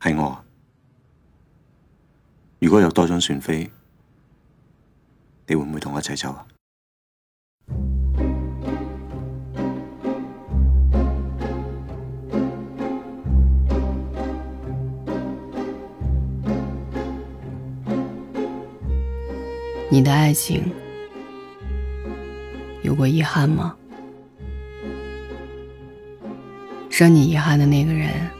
係我。如果有多張船飛，你會唔會同我一齊走啊？你的愛情有過遺憾嗎？讓你遺憾的那個人。